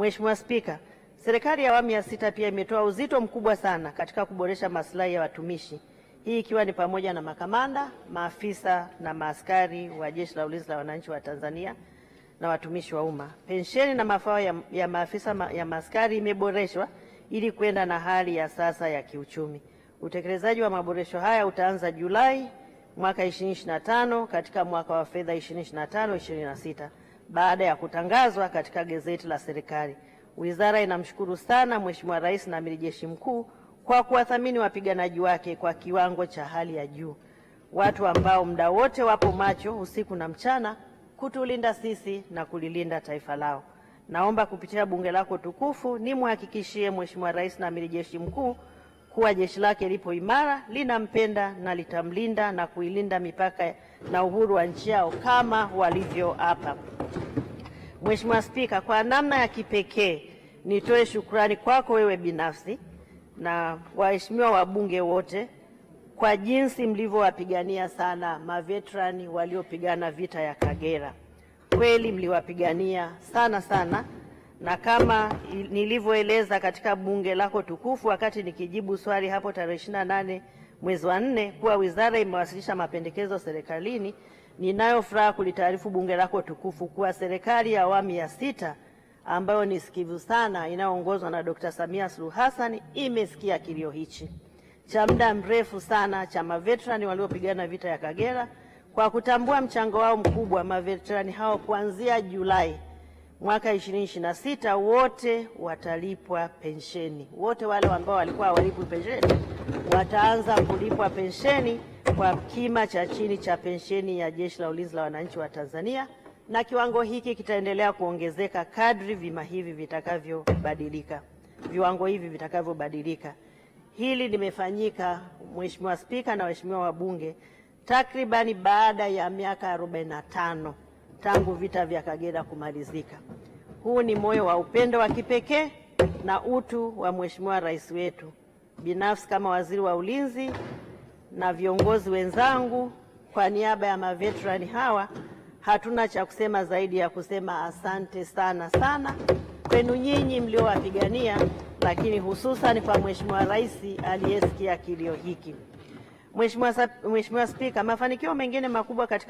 Mheshimiwa Spika, serikali ya awamu ya sita pia imetoa uzito mkubwa sana katika kuboresha maslahi ya watumishi, hii ikiwa ni pamoja na makamanda, maafisa na maaskari wa Jeshi la Ulinzi la Wananchi wa Tanzania na watumishi wa umma. Pensheni na mafao ya, ya maafisa ma, ya maaskari imeboreshwa ili kwenda na hali ya sasa ya kiuchumi. Utekelezaji wa maboresho haya utaanza Julai mwaka 2025 katika mwaka wa fedha 2025 26 baada ya kutangazwa katika gazeti la serikali. Wizara inamshukuru sana Mheshimiwa Rais na Amiri Jeshi Mkuu kwa kuwathamini wapiganaji wake kwa kiwango cha hali ya juu, watu ambao muda wote wapo macho usiku na mchana kutulinda sisi na kulilinda taifa lao. Naomba kupitia bunge lako tukufu nimhakikishie Mheshimiwa Rais na Amiri Jeshi Mkuu kuwa jeshi lake lipo imara, linampenda na litamlinda na kuilinda mipaka na uhuru wa nchi yao kama walivyoapa. Mheshimiwa Spika, kwa namna ya kipekee nitoe shukrani kwako wewe binafsi na waheshimiwa wabunge wote kwa jinsi mlivyowapigania sana maveterani waliopigana vita ya Kagera. Kweli mliwapigania sana sana, na kama nilivyoeleza katika bunge lako tukufu wakati nikijibu swali hapo tarehe nane mwezi wa nne, kuwa wizara imewasilisha mapendekezo serikalini Ninayo furaha kulitaarifu bunge lako tukufu kuwa serikali ya awamu ya sita ambayo ni sikivu sana inayoongozwa na Dr. Samia Suluhu Hassan imesikia kilio hichi cha muda mrefu sana cha maveterani waliopigana vita ya Kagera kwa kutambua mchango wao mkubwa. Maveterani hao kuanzia Julai mwaka 2026 wote watalipwa pensheni. Wote wale ambao walikuwa hawalipwi pensheni wataanza kulipwa pensheni kwa kima cha chini cha pensheni ya Jeshi la Ulinzi la Wananchi wa Tanzania na kiwango hiki kitaendelea kuongezeka kadri vima hivi vitakavyobadilika viwango hivi vitakavyobadilika. Hili limefanyika Mheshimiwa Spika na waheshimiwa wabunge, takribani baada ya miaka 45 tangu vita vya Kagera kumalizika. Huu ni moyo wa upendo wa kipekee na utu wa Mheshimiwa Rais wetu. Binafsi kama waziri wa ulinzi na viongozi wenzangu, kwa niaba ya maveterani hawa, hatuna cha kusema zaidi ya kusema asante sana sana kwenu nyinyi mliowapigania, lakini hususan kwa Mheshimiwa Rais aliyesikia kilio hiki. Mheshimiwa Spika, mafanikio mengine makubwa katika